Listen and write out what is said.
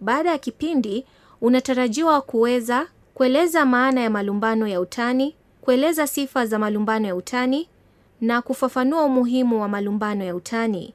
Baada ya kipindi, unatarajiwa kuweza kueleza maana ya malumbano ya utani, kueleza sifa za malumbano ya utani na kufafanua umuhimu wa malumbano ya utani.